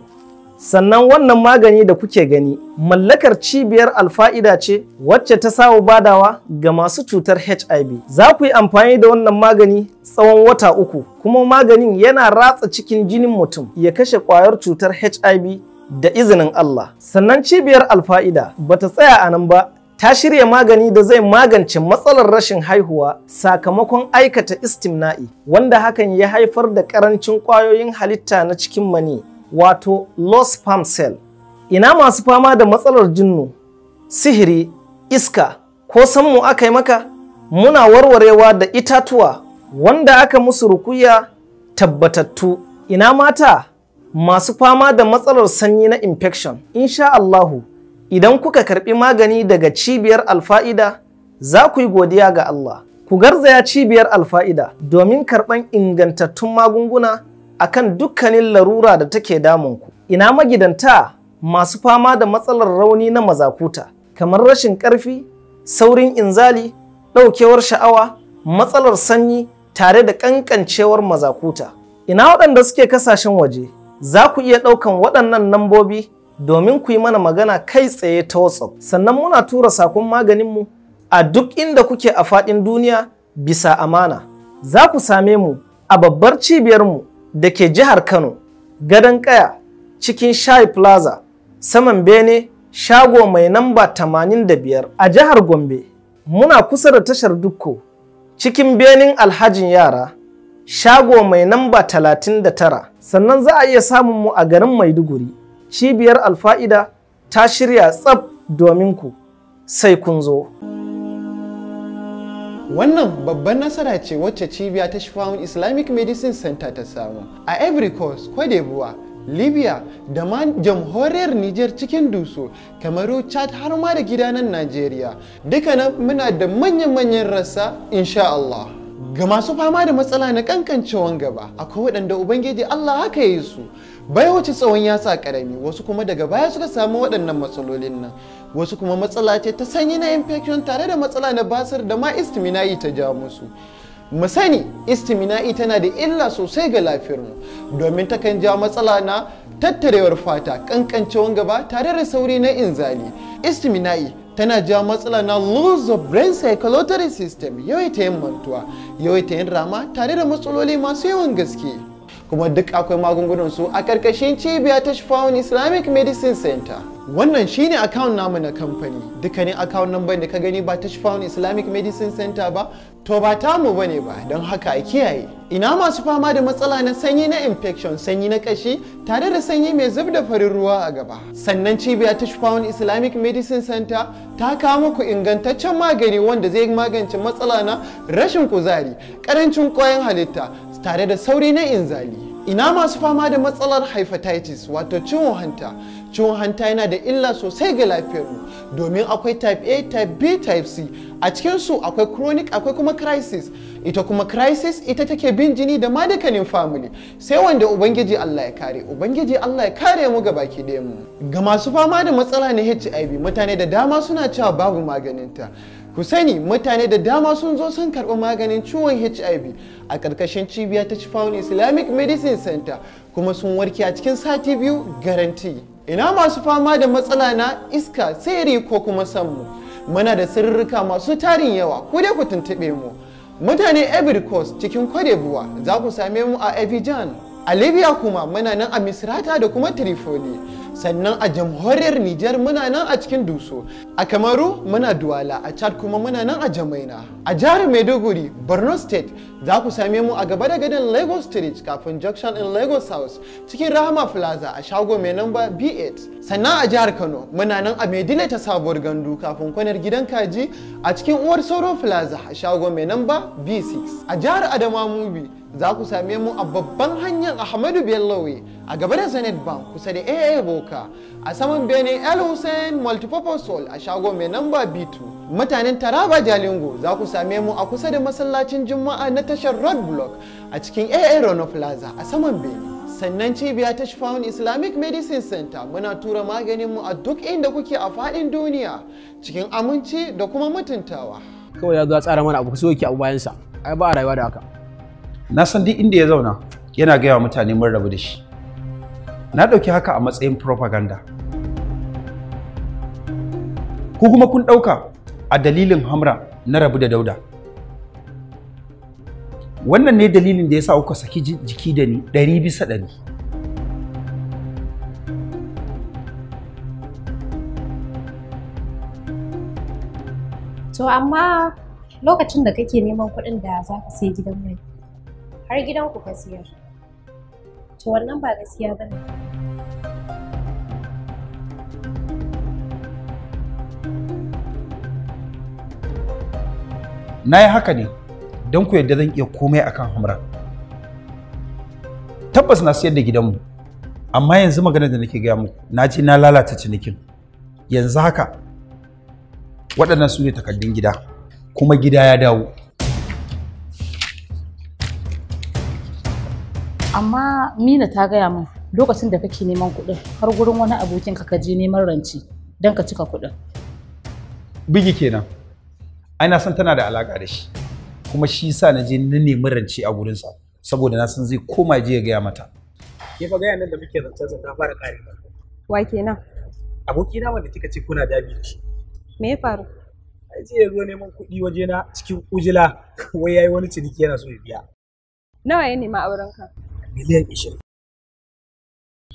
Sannan wannan magani da kuke gani mallakar cibiyar alfa'ida ce wacce ta samu badawa ga masu cutar HIV. Za ku yi amfani da wannan magani tsawon wata uku, kuma maganin yana ratsa cikin jinin mutum ya kashe ƙwayar cutar HIV da izinin Allah. Sannan cibiyar alfa'ida bata tsaya a nan ba, ta shirya magani da zai magance matsalar rashin haihuwa sakamakon aikata istimna'i wanda hakan ya haifar da karancin ƙwayoyin halitta na cikin mani wato los sperm cell ina masu fama da matsalar jinnu sihiri iska ko sanmu aka yi maka muna warwarewa da itatuwa wanda aka musu rukuya tabbatattu ina mata masu fama da matsalar sanyi na infection insha Allahu Idan kuka karɓi magani daga cibiyar alfa'ida, za ku yi godiya ga Allah. Ku garzaya cibiyar alfa'ida domin karɓan ingantattun magunguna akan dukkanin larura da take damunku. Ina magidanta masu fama da matsalar rauni na mazakuta, kamar rashin ƙarfi, saurin inzali, ɗaukewar sha'awa, matsalar sanyi tare da ƙanƙancewar mazakuta. Ina waɗanda suke kasashen waje, za ku iya ɗaukan waɗannan nambobi domin ku yi mana magana kai tsaye ta WhatsApp. Sannan muna tura sakon maganinmu a duk inda kuke a faɗin duniya bisa amana. Za ku same mu a babbar cibiyarmu da ke jihar Kano, gadon ƙaya cikin Shai Plaza, saman Bene, shago mai namba 85 a jihar Gombe. Muna kusa da tashar Dukko, cikin benin alhajin yara, shago mai namba 39, sannan za a iya samun mu a garin Maiduguri. cibiyar alfa'ida ta shirya tsab domin ku sai kun zo. Wannan babban nasara ce wacce cibiya ta Shifawun Islamic Medicine Center ta samu. A Ivory Coast, Cote Libya da ma jamhuriyar Nijar cikin duso, Kamaru, Chad har ma da gidanan Najeriya. na muna da manyan-manyan rasa insha Allah. Ga masu fama da matsala na kankancewan gaba, akwai waɗanda Ubangiji Allah haka yi su. bai wuce tsawon yatsa karami wasu kuma daga baya suka samu waɗannan matsalolin nan wasu kuma matsala ce ta sanyi na infection tare da matsala na basir da ma istimina'i ta ja musu mu sani istimina'i tana da illa sosai ga lafiyar lafiyarmu domin ta kan ja matsala na tattarewar fata kankancewan gaba tare da sauri na inzali istimina'i tana ja matsala na lose of brain circulatory system yawaita yin mantuwa yawaita yin rama tare da matsaloli masu yawan gaske kuma duk akwai magungunan su a karkashin cibiyar ta Shifawun Islamic Medicine Center. Wannan shine account namu na kamfani. Dukkanin account number da ka gani ba ta Shifawun Islamic Medicine Center ba, to ba tamu bane ba, don haka a kiyaye. Ina masu fama da matsala na sanyi na infection, sanyi na kashi, tare da sanyi mai zub da farin ruwa a gaba. Sannan cibiyar ta Shifawun Islamic Medicine Center ta kawo muku ingantaccen magani wanda zai magance matsala na rashin kuzari, karancin ƙwayan halitta, tare da sauri na inzali ina masu fama da matsalar hepatitis wato ciwon hanta ciwon hanta yana da illa sosai ga lafiyarmu domin akwai type a type b type c a cikinsu akwai chronic akwai kuma crisis ita kuma crisis ita take bin jini da madakanin family sai wanda ubangiji allah ya kare ubangiji allah ya kare mu ga baki ɗaya mu ga masu fama da matsala na hiv mutane da dama suna cewa babu maganinta ku sani mutane da dama sun zo sun karɓi maganin ciwon hiv a ƙarƙashin cibiya ta Chifawun islamic medicine center kuma sun warke a cikin sati biyu garanti ina masu fama da matsala na iska tsere ko kuma sanmu muna da sirrika masu tarin yawa ku dai ku tuntuɓe mu mutane ivory coast cikin kwadebuwa za ku same mu a abidjan a libya kuma muna nan a misrata da kuma trifoli sannan a jamhuriyar Nijar muna nan a cikin dusu, a Kamaru muna Duwala a Chad kuma muna nan a Jamaina a jihar Maiduguri Borno State za ku same mu a gaba da gadon Lagos Street kafin Junction in Lagos House cikin Rahama Plaza a shago mai namba B8 sannan a jihar Kano muna nan a Maidile ta sabuwar gandu kafin kwanar gidan kaji a cikin Uwar sauro Plaza a shago mai namba B6 a jihar Adamawa Mubi za ku same mu a babban hanyar Ahmadu Bellowe a gaba da Zenith Bank kusa da AA Boka a saman Bene El Hussein Multipurpose a shago mai namba B2. Mutanen Taraba Jalingo za ku same mu a kusa da masallacin Juma'a na tashar Road Block a cikin AA Rono Plaza a saman Bene. Sannan cibiya ta Shifawun Islamic Medicine Center muna tura maganin mu a duk inda kuke a fadin duniya cikin aminci da kuma mutuntawa. Kawai ya zo tsara mana abu so abu bayansa, ai ba a rayuwa da haka. na san duk inda ya zauna yana gaya wa mutane mun rabu da shi na ɗauki haka a matsayin propaganda ku kuma kun ɗauka a dalilin hamra na rabu da dauda wannan ne dalilin da ya sa kuka saki jiki da ni ɗari bisa ɗari to amma lokacin da kake neman kuɗin da za ka sai gidan mai har gidanku ka siyar to wannan ba gaskiya ba ne na yi haka ne don ku yadda zan iya komai akan hamra tabbas na siyar da gidanmu amma yanzu maganar da nake gaya muku na ce na lalata cinikin yanzu haka waɗannan su ne takardun gida kuma gida ya dawo Amma Mina ta gaya min lokacin da kake neman kuɗin har gurin wani abokin ka je neman ranci don ka cika kuɗin. Bigi kenan. Ai na san tana da alaƙa da shi. Kuma shi sa na je na nemi rance a gurinsa saboda na san zai koma je ya gaya mata. Ke fa gaya nan da muke zancen ta fara ƙare. Wa kenan? Abokina wanda kika ce kuna dabi da shi. Me ya faru? zai ya zo neman kuɗi waje na cikin ujila wai yayi wani ciniki yana so ya biya. Nawa ya nema aurenka? miliyan ishirin.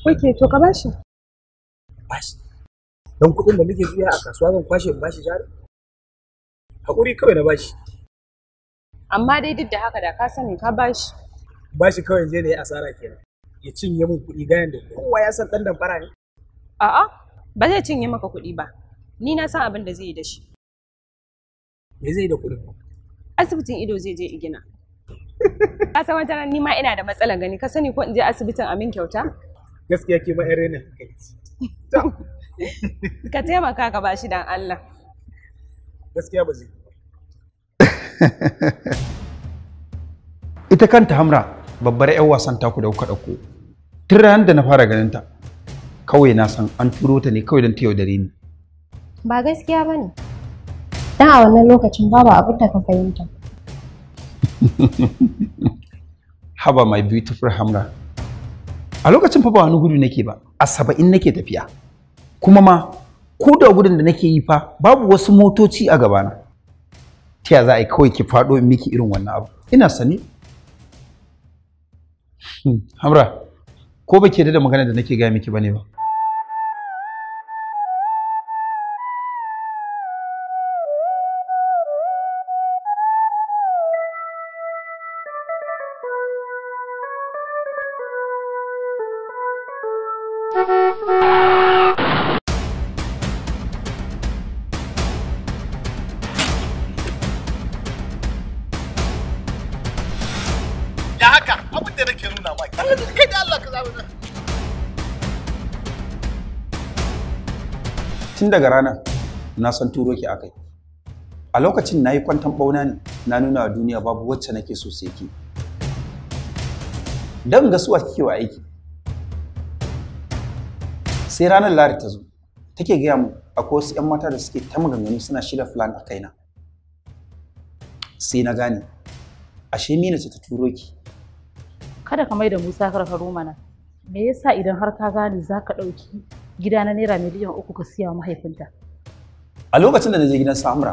Ok, to ka bashi. Bashi. Don kuɗin da muke zuya a kasuwa zan kwashe in bashi jari? Haƙuri kawai na bashi. Amma dai duk da haka da ka sani ka bashi. Bashi kawai zai ne ya asara kenan. Ya cinye min kuɗi gayan da kowa ya san ɗan damfara ne. A'a, ba zai cinye maka kuɗi ba. Ni na san abin da zai yi da shi. Me zai yi da kuɗin? Asibitin ido zai je igina. ka san wata ni ma ina da matsalar gani ka sani ko in je asibitin amin kyauta gaskiya ke ma irene ka taimaka ka bashi dan Allah gaskiya ba zai ita kanta hamra babbar 'yan wasan taku da kuka ɗauko tun ranar da na fara ganin ta kawai na san an turo ta ne kawai don ta yaudare ni ba gaskiya ba ne don a wannan lokacin babu abin da ka fahimta haba my beautiful hamra a lokacin fa ba wani gudu nake ba a saba'in nake tafiya kuma ma ko da gudun da nake yi fa babu wasu motoci a gabana ta za a yi kawai ki faɗo in miki irin wannan abu ina sani hmm, hamra ko ba ke da magana da nake gaya miki bane ba daga ranar na san turo ki akai a lokacin na yi kwantan ɓauna ne na nuna wa duniya babu wacce nake so sai ki don ga suwa kike wa aiki sai ranar lari ta zo take gaya mu akwai wasu 'yan mata da suke ta maganganu suna shirya filan a kaina sai na gane ashe mina ce ta turo ki kada ka mai da musa karkaro mana me yasa idan har ka gane za ka ɗauki gida na naira miliyan uku ka siya mahaifinta a lokacin da na je gidan samura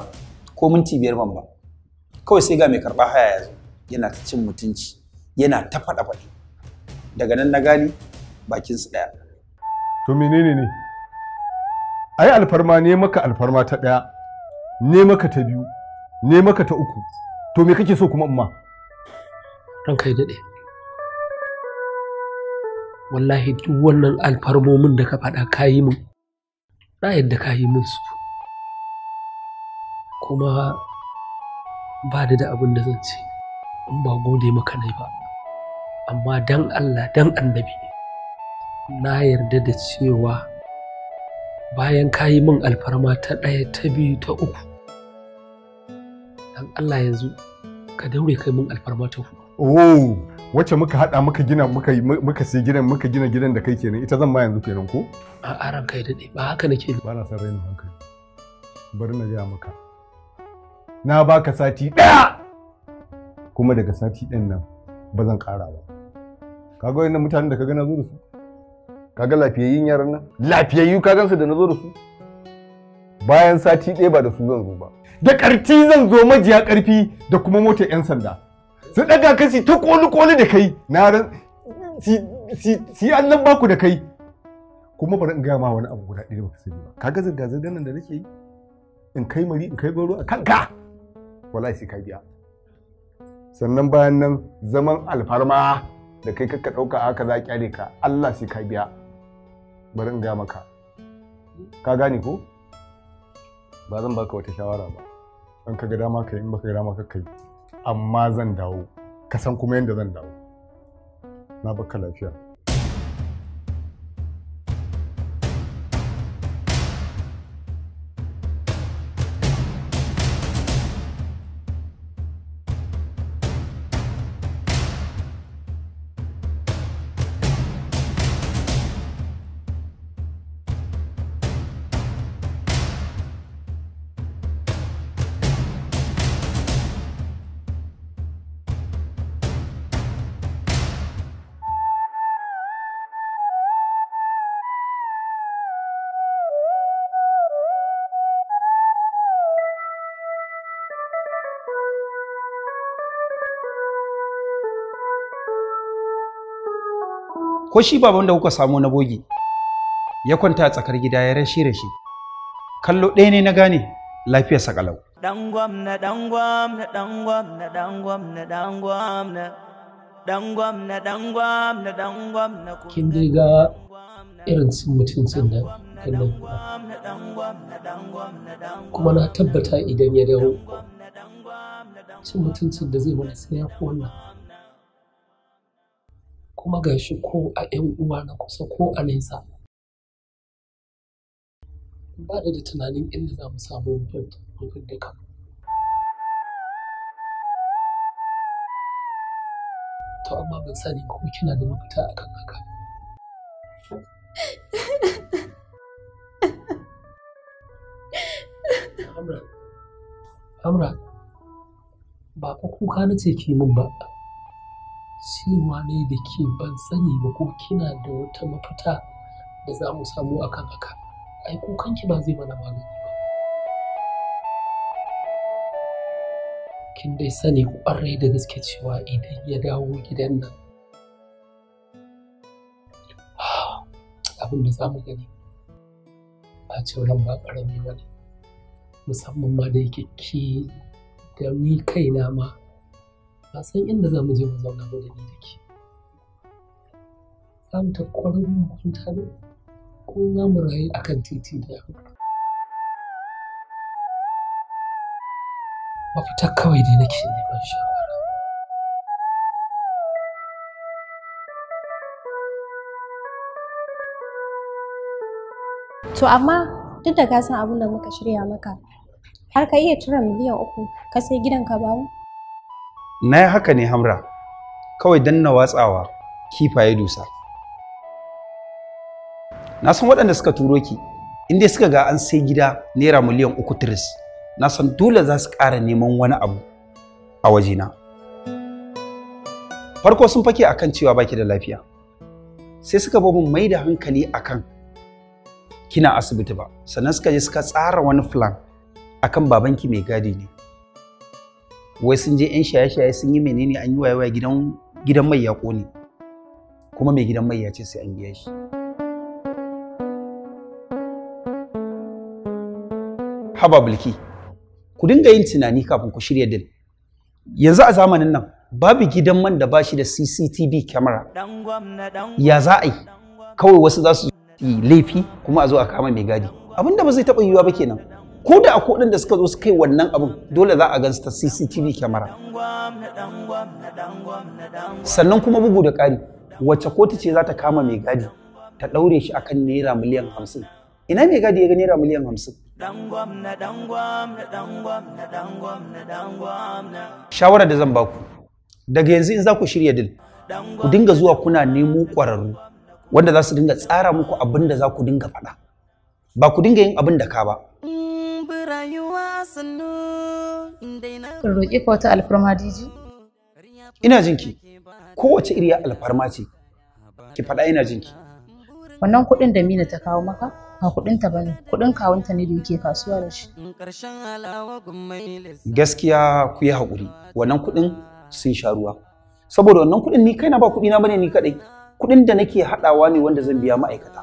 ko minti biyar ban ba kawai sai ga mai karɓa haya yanzu yana ta cin mutunci yana ta faɗa faɗi daga nan na gani bakin su ɗaya to menene ne ai alfarma ne maka alfarma ta ɗaya ne maka ta biyu ne maka ta uku to me kake so kuma amma? ranka ya daɗe wallahi duk wannan alfarmomin da ka faɗa ka yi min na yadda ka yi min su kuma ba da abin da zan ce in ba gode maka nai ba amma dan Allah dan annabi na yarda da cewa bayan ka yi min alfarma ta ɗaya ta biyu ta uku dan Allah yanzu ka daure kai min alfarma ta uku. oh wacce muka hada muka gina muka muka sai gidan muka gina gidan da kai kenan ita zan ma yanzu kenan ko a aran kai da ba haka nake ba na san rainin hankali bari na ga maka na baka sati daya kuma daga sati ɗin nan ba zan ƙara ba kaga wayannan mutanen da kaga na zo da su kaga lafiyayyun yaran nan lafiyayyu ka gansu da na zo da su bayan sati ɗaya ba da su zan zo ba da karti zan zo majiya ƙarfi da kuma motar 'yan sanda su daga ka si ta koli koli da kai na ran si si si baku da kai kuma bari in gaya ma wani abu guda ɗaya baka sani ba kaga zirga zirgan nan da nake yi in kai mari in kai goro a kanka wallahi sai ka biya sannan bayan nan zaman alfarma da kai kakka ɗauka haka za kyale ka Allah sai ka biya bari in gaya maka ka gane ko ba zan baka wata shawara ba an ka ga dama ka yi in baka ga dama ka kai amma zan dawo ka san kuma yadda zan dawo na baka lafiya ko shi baban da kuka samu na bogi ya kwanta a tsakar gida ya rashi rashi kallo ɗaya ne na gane lafiyar sa kalau dan gwamna dan gwamna dan gwamna dan gwamna dan gwamna dan gwamna dan gwamna dan gwamna kin dai ga irin sun mutun sun da kuma na tabbata idan ya dawo sun mutun sun da zai mana sai ya fi wannan kuma ga shi ko a 'yan uwa na kusa ko a nesa ba da da tunanin inda za mu samu mafin da kan to amma ban sani ko kina da mafita akan haka Amra, Amra, ba kuka na ce ki min ba, cewa ne da ke ban sani ba ko kina da wata mafita da za mu samu akan haka ai kukanki ba zai mana magani ba kin dai sani kwarai da gaske cewa idan ya dawo gidan nan abin da za mu gani ba ran ba ƙarami ba ne musamman ma da yake ki da ni kaina ma ba san inda za mu je mu zauna ba da ni da ke za mu takwarar mu kwanta ne ko za mu rayu a kan titi da yawa mafita kawai dai nake neman shawara to amma duk da ka san abin da muka shirya maka har ka iya tura miliyan uku ka sai gidan ka bamu na yi haka ne hamra kawai don na watsawa kifaye dusa na san waɗanda suka turo ki inda suka ga an sai gida naira miliyan uku tiris na san dole za su ƙara neman wani abu a wajena farko sun fake kan cewa baki da lafiya sai suka ba mun mai da hankali a kan kina asibiti ba sannan suka je suka tsara wani plan kan babanki mai gadi ne wai sun je 'yan shaye-shaye sun yi menene an yi wayewa gidan gidan mai ya kone kuma mai gidan mai ya ce sai an biya shi haba bulki ku dinga yin tunani kafin ku shirya din yanzu a zamanin nan babu gidan man da ba shi da cctv camera ya za a yi kawai wasu za su yi laifi kuma a zo a kama mai gadi abinda ba zai taɓa yiwuwa ba kenan ko da a kudin da suka zo suka yi wannan abin dole za a gansu ta cctv kyamara sannan kuma bugu da ƙari wacce kotu ce za ta kama mai gadi ta ɗaure shi akan naira miliyan hamsin ina mai gadi ya ga naira miliyan hamsin shawara da zan baku daga yanzu in za ku shirya dil ku dinga zuwa kuna nemo ƙwararru wanda za su dinga tsara muku abin da za ku dinga faɗa ba ku dinga yin abin da ka ba Kan roƙi ka wata alfarma diji? Ina jinki, kowace iriya alfarma ce, ki faɗa ina jinki. Wannan kuɗin da Mina ta kawo maka, ba kuɗinta ba ne, kuɗin kawunta ne da yake kasuwa da shi. Gaskiya ku yi haƙuri, wannan kuɗin sun sha ruwa. Saboda wannan kuɗin ni kaina ba kuɗina bane ni kaɗai, kuɗin da nake haɗawa ne wanda zan biya ma'aikata.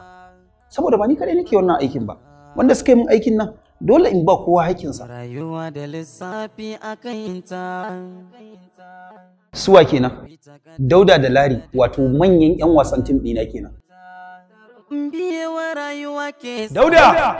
Saboda ba ni kaɗai nake wannan aikin ba, wanda suka yi min aikin nan dole in ba kowa haƙƙinsa rayuwa da lissafi suwa kenan dauda da lari wato manyan 'yan wasan tim ɗina kenan dauda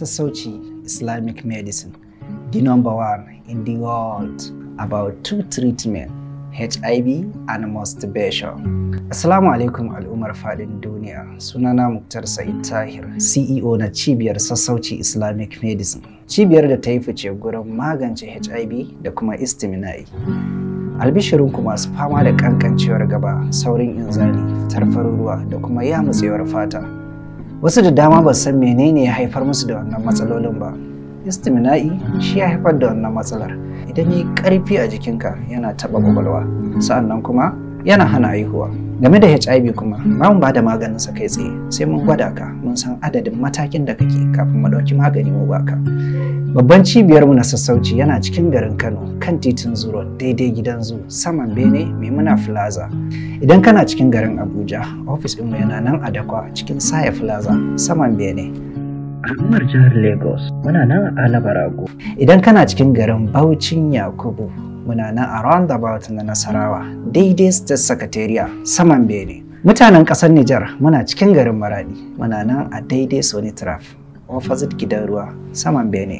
sassauci islamic medicine the number one in the world about two treatment hiv and masturbation assalamu alaikum al'ummar fadin duniya sunana muktar sa'id tahir ceo na cibiyar sassauci islamic medicine cibiyar da ta yi fice gurin magance hiv da kuma istimina'i albishirinku masu fama da kankancewar gaba saurin inzali tarfar ruwa, da kuma yamutsewar fata wasu da dama ba san menene ya haifar musu da wannan matsalolin ba istimina'i shi ya haifar da wannan matsalar idan yi karfi a jikinka yana taɓa kwakwalwa sa'annan kuma yana hana haihuwa game da hiv kuma ba mu bada maganin sa kai tsaye sai mun gwada ka mun san adadin matakin da kake kafin mu ɗauki magani mu baka babban cibiyar mu na sassauci yana cikin garin kano kan titin zuro daidai gidan zu saman bene maimuna plaza idan kana cikin garin abuja ofis ɗinmu yana nan a dakwa cikin saya plaza saman bene al'ummar jihar lagos muna nan a labarago idan kana cikin garin baucin yakubu muna nan a roundabout na nasarawa daidai state secretariat saman bene mutanen ƙasar nijar muna cikin garin maradi muna nan a daidai sonitraf opposite gidan ruwa saman bene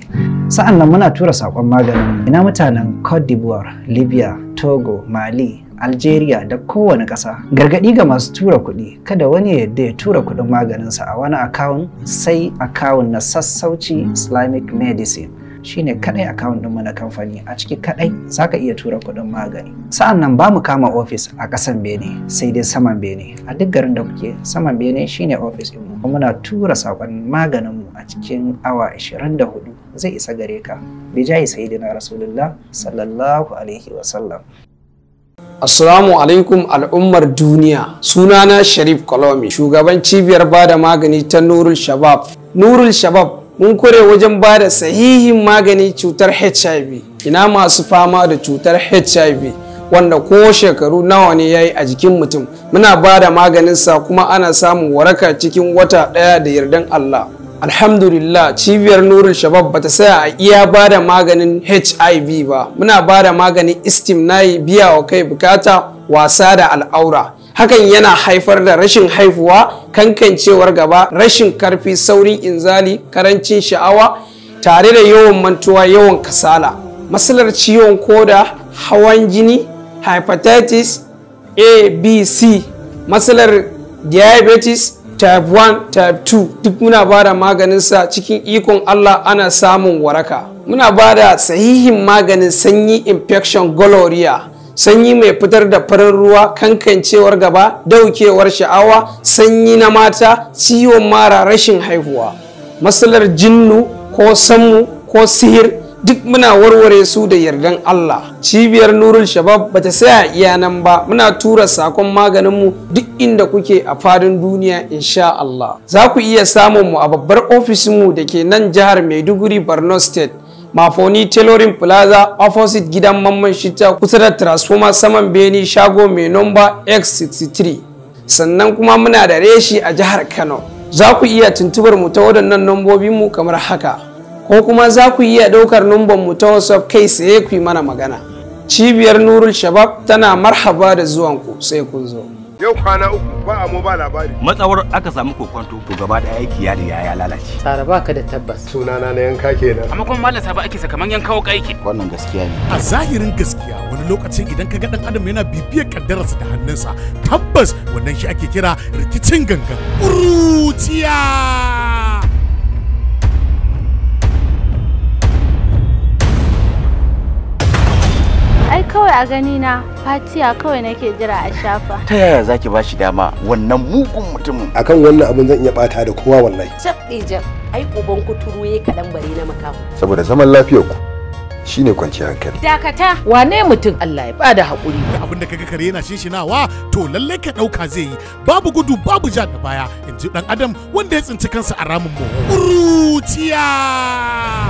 sa'an nan muna tura saƙon maganin ina mutanen cote d'ivoire libya togo mali Algeria da kowane ƙasa. Gargaɗi ga masu tura kuɗi, kada wani ya yadda ya tura kuɗin maganinsa a wani akawun sai akawun na sassauci Islamic Medicine. shine kadai akawun ɗin mana kamfani a ciki kadai zaka iya tura kuɗin magani sa'an nan ba mu kama ofis a ƙasan bene sai dai saman bene a duk garin da kuke saman bene shine ofis ɗinmu kuma muna tura saƙon maganinmu a cikin awa 24 zai isa gare ka bijayi sayyidina rasulullah sallallahu alaihi wasallam Assalamu alaikum al'ummar duniya. Sunana Sharif Kolomi, shugaban cibiyar bada magani ta Nurul Shabab. Nurul Shabab mun kure wajen bada sahihin magani cutar HIV. Ina masu fama da cutar HIV wanda ko shekaru nawa ne yayi a jikin mutum. Muna bada maganinsa kuma ana samun waraka cikin wata ɗaya da yardan Allah. alhamdulillah cibiyar nurul shabab bata saya a iya ba da maganin hiv ba muna ba da maganin istimnai biya wa kai bukata wasa da al'aura hakan yana haifar da rashin haifuwa kankancewar gaba rashin karfi saurin inzali karancin sha'awa tare da yawan mantuwa yawan kasala matsalar ciwon koda hawan jini hepatitis a b c matsalar diabetes type 1 type 2 duk muna ba da sa cikin ikon allah ana samun waraka muna bada sahihin maganin sanyi infection gonorrhea sanyi mai fitar da farin ruwa kankancewar gaba daukewar sha'awa sanyi na mata ciwon mara rashin haihuwa matsalar jinnu ko sammu ko sihir duk muna warware su da yardan Allah cibiyar nurul shabab ba bata saya iya nan ba muna tura sakon maganin mu duk inda kuke a fadin duniya insha Allah za ku iya samun mu a babbar ofishin da ke nan jihar Maiduguri Borno State Mafoni Tailoring Plaza opposite gidan Mamman Shitta kusa da Transformer saman Beni shago mai nomba X63 sannan kuma muna da reshi a jihar Kano za ku iya tuntubar mu ta waɗannan nambobin mu kamar haka ko kuma za ku iya ɗaukar numban mu ta whatsapp kai sai ku yi mana magana cibiyar nurul shabab tana marhaba da zuwanku sai kun zo yau kwana uku ba a ba labari matsawar aka samu kokonto to gaba da aiki ya riga ya lalace tsara baka da tabbas sunana na yanka kenan amma kuma mallam ba ake sakaman kawo kaiki wannan gaskiya ne a zahirin gaskiya wani lokacin idan ka ga dan adam yana bibiyar kaddararsa da hannunsa tabbas wannan shi ake kira rikicin gangan ƙuruciya ai kawai a gani na fatiya kawai nake jira a shafa ta yaya zaki ba shi dama wannan mugun mutumin akan wannan abin zan iya bata da kowa wallahi jab eh, jab ai uban kuturu yake kadan bare na makamu saboda zaman lafiyar ku shine kwanciyar hankali dakata wane mutum Allah ya bada hakuri abin da kaga kare yana shinshinawa to lalle ka dauka zai yi babu gudu babu ja da baya in ji dan adam wanda ya tsinci kansa a ramin mu rutiya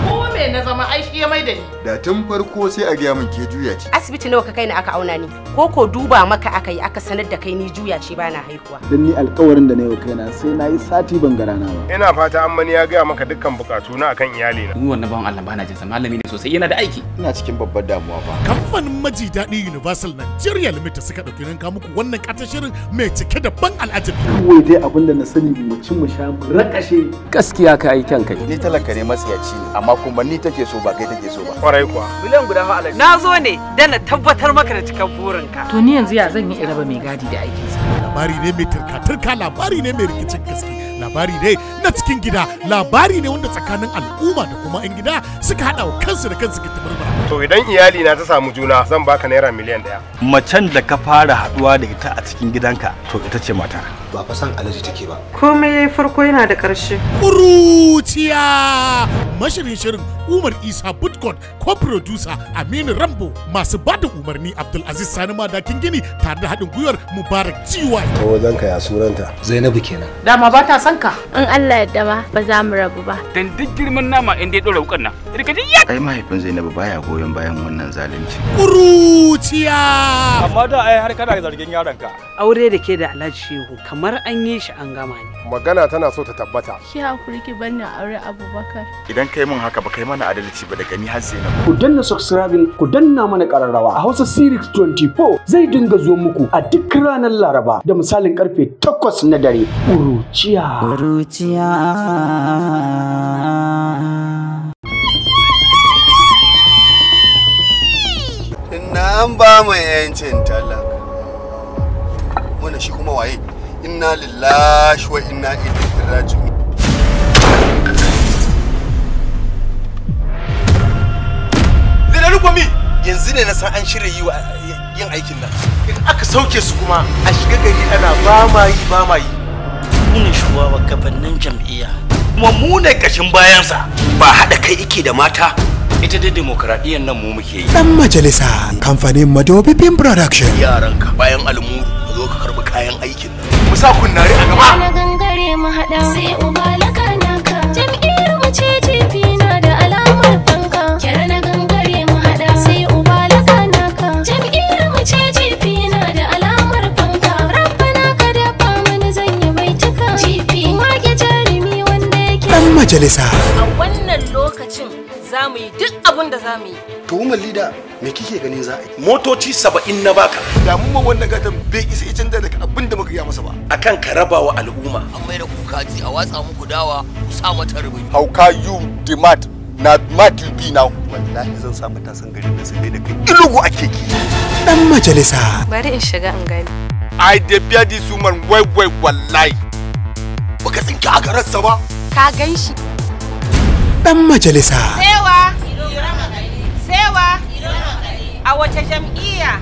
ko me na zama ai shi ya mai da ni da tun farko sai a gaya min ke juya ce asibiti nawa ka kai ni aka auna ni ko ko duba maka aka yi aka sanar da kai ni juya ce bana haihuwa dan ni alƙawarin da na yau kaina sai na yi sati ban garana ba ina fata an mani ya gaya maka dukkan bukatu na akan iyali na ni wannan bawan Allah bana jin sa malami ne sosai yana da ai aiki. ina cikin babbar damuwa ba kamfanin maji daɗi universal nigeria limited suka ɗauki nan muku wannan ƙatar shirin mai cike da ban al'ajabi kawai dai abin da na sani mu ci mu sha mu rakashe gaskiya ka yi kyan kai ni talaka ne matsiyaci ne amma kuma ni take so ba kai take so ba kwarai kuwa miliyan guda fa alaji na zo ne da na tabbatar maka da cikan burinka to ni yanzu ya zan yi iraba mai gadi da aikinsa labari ne mai turka turka labari ne mai rikicin gaskiya labari ne na cikin gida labari ne wanda tsakanin al'umma da kuma 'yan gida suka haɗa wa kansu da kansu ke to idan iyali na ta samu juna zan baka naira miliyan daya. macen da ka fara haɗuwa da ita a cikin gidanka to ita ce mata ba fa san alaji take ba komai yayi farko yana da ƙarshe kuruciya mashirin shirin umar isa budkot ko producer aminu rambo masu ba da umarni abdulaziz sani madakin gini tare da haɗin gwiwar mubarak ciwai ta zan ka ya suranta zainabu kenan dama ba ta san ka in allah ya dama ba za mu rabu ba dan duk girman nama in dai ɗora wukan nan irkaji ya ai mahaifin zainabu baya goyon bayan wannan zalunci kuruciya amma da ai har kana zargin yaron ka aure da ke da alhaji shehu kamar kamar an yi shi an gama ne magana tana so ta tabbata ki hakuri ki banna aure abubakar idan kai min haka ba kai mana adalci ba daga ni har sai na ku danna subscribing ku danna mana kararrawa a Hausa Sirius 24 zai dinga zo muku a duk ranar Laraba da misalin karfe 8 na dare uruciya uruciya na an ba mu yancin talaka wanda shi kuma waye inna lillahi wa inna ilaihi raji'un gwami yanzu ne na san an shirya yi wa yin aikin nan idan aka sauke su kuma a shiga gari ana ba ma yi ba ma yi shugaban gabanin jam'iyya kuma mu ne kashin bayansa ba haɗa kai ike da mata ita dai demokradiyyar nan mu muke yi dan majalisa kamfanin madobibin production yaranka bayan almuru zo ka karbi kayan aikin nan mu sa kunnari a gaba na gangare mu hada sai uba naka jam'iyyar mu ce jifi na da alamar fanka kira na gangare mu hada sai uba naka jam'iyyar mu ce jifi na da alamar fanka rabbana ka dafa mani zan yi tuka. jifi ma ke jarumi wanda yake dan majalisa woman leader me kike ganin za a yi motoci saba'in na baka ga mu wannan gatan bai isa ya canza daga abin da muka gaya masa ba akan ka raba wa al'umma an mai da kuka ji a watsa muku dawa ku sa mata rubi how can you demand na mat you be now wallahi zan sa san garin nan sai da kai ilugu ake ki dan majalisa bari in shiga in gani i dey fear this woman wai wai wallahi baka tsinka a garar sa ba ka gan shi dan majalisa Sewa. A wace jam'iyya?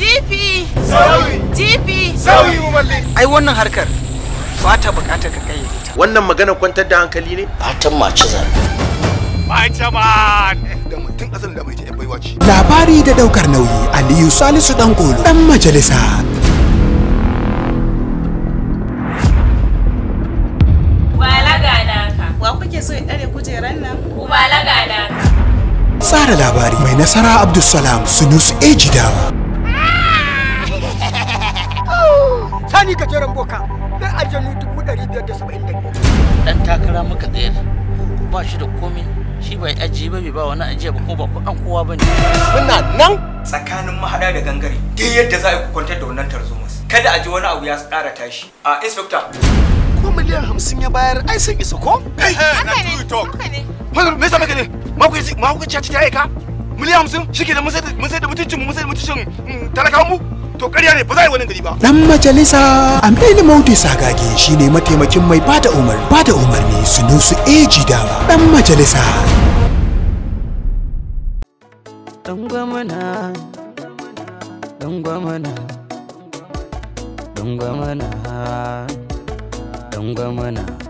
GP. Sauyi. GP. Sauyi umarni. Ai wannan harkar ba ta bukatar ka kai ta. Wannan magana kwantar da hankali ne? Fatan mace zan. Mace man. Da mutum asalin da mai ta baiwa ce. Labari da daukar nauyi Aliyu Salisu Dankolo dan majalisa. ka Wa kuke so ya ɗare kujeran nan? da ka. tsara labari mai nasara abdulsalam sunus ejidawa sani ka jeren boka ɗan aljanu dubu dan biyar da ɗan takara muka tsayar ba shi da komi shi bai ajiye ba bai ba wani ajiye ba ko ba ku an kowa ba ne muna nan tsakanin mahaɗa da gangare dai yadda za a yi kwantar da wannan tarzomas kada a ji wani abu ya tsara tashi a inspector miliyan hamsin ya bayar ai sun isa ko? na tuyi talk. Hanyar me yasa maka ne? Makwai ci ta aika? Miliyan hamsin shi ke da mun sai da mutuncin mu mun sai da mutuncin mm, talakawan mu? To ƙarya ne ba za a yi wannan gari ba. Dan majalisa Aminu Maudu Sagage shi ne mataimakin mai bada umarni. Bada umarni Sunusu Eji Dawa. Dan majalisa. Dan gwamana Dan gwamana Dan gwamana Dan gwamana an gwamana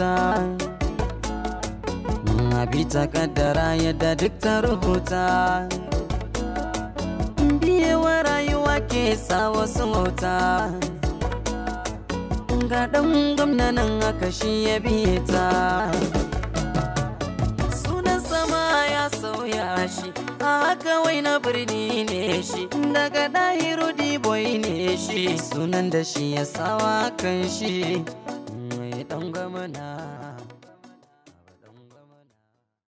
rubuta bisa kaddara yadda duk ta rubuta biyewa rayuwa ke sa wasu wauta ga ɗan gwamnanin aka shi ya biye ta sunan sama ya sauya shi a haka wai na birni ne shi daga ɗahiru diboy ne shi sunan da shi ya sawa kan shi